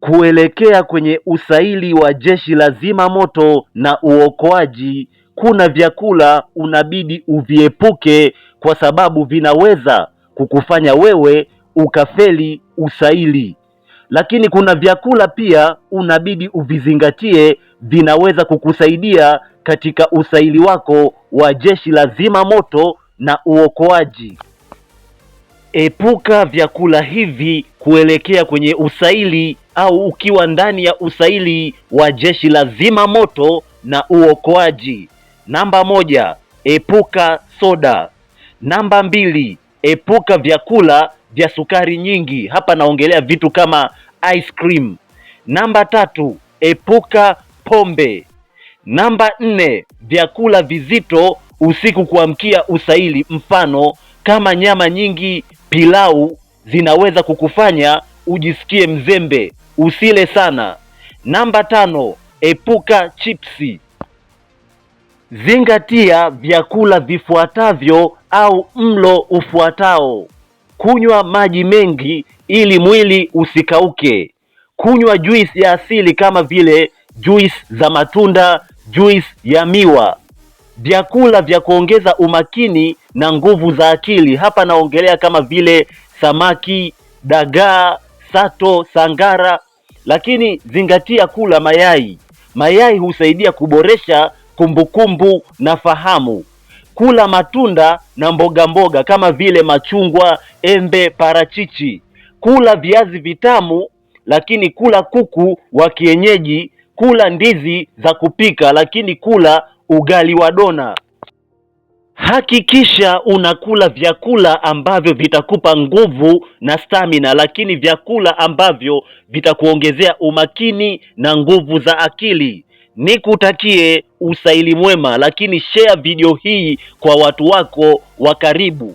Kuelekea kwenye usaili wa Jeshi la Zimamoto na Uokoaji kuna vyakula unabidi uviepuke kwa sababu vinaweza kukufanya wewe ukafeli usaili, lakini kuna vyakula pia unabidi uvizingatie, vinaweza kukusaidia katika usaili wako wa Jeshi la Zimamoto na Uokoaji. Epuka vyakula hivi kuelekea kwenye usaili au ukiwa ndani ya usaili wa jeshi la moto na uokoaji. Namba moja, epuka soda. Namba mbili, epuka vyakula vya sukari nyingi. Hapa naongelea vitu kama ice cream. Namba tatu, epuka pombe. Namba nne, vyakula vizito usiku kuamkia usaili, mfano kama nyama nyingi, pilau zinaweza kukufanya ujisikie mzembe usile sana. Namba tano, epuka chipsi. Zingatia vyakula vifuatavyo au mlo ufuatao: kunywa maji mengi ili mwili usikauke, kunywa juisi ya asili kama vile juisi za matunda, juisi ya miwa, vyakula vya kuongeza umakini na nguvu za akili. Hapa naongelea kama vile samaki, dagaa, sato, sangara lakini zingatia kula mayai. Mayai husaidia kuboresha kumbukumbu na fahamu. Kula matunda na mboga mboga kama vile machungwa, embe, parachichi. Kula viazi vitamu, lakini kula kuku wa kienyeji. Kula ndizi za kupika, lakini kula ugali wa dona. Hakikisha unakula vyakula ambavyo vitakupa nguvu na stamina, lakini vyakula ambavyo vitakuongezea umakini na nguvu za akili. Nikutakie usaili mwema, lakini share video hii kwa watu wako wa karibu.